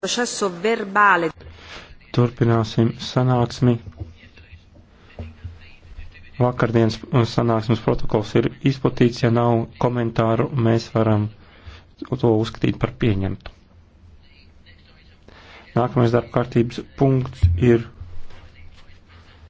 processo verbale. Turpināsim sanāksmi. Vakardienas uh, sanāksmes protokols ir izplatīts, ja nav komentāru, mēs varam to uzskatīt par pieņemtu. Nākamais darba kārtības punkts ir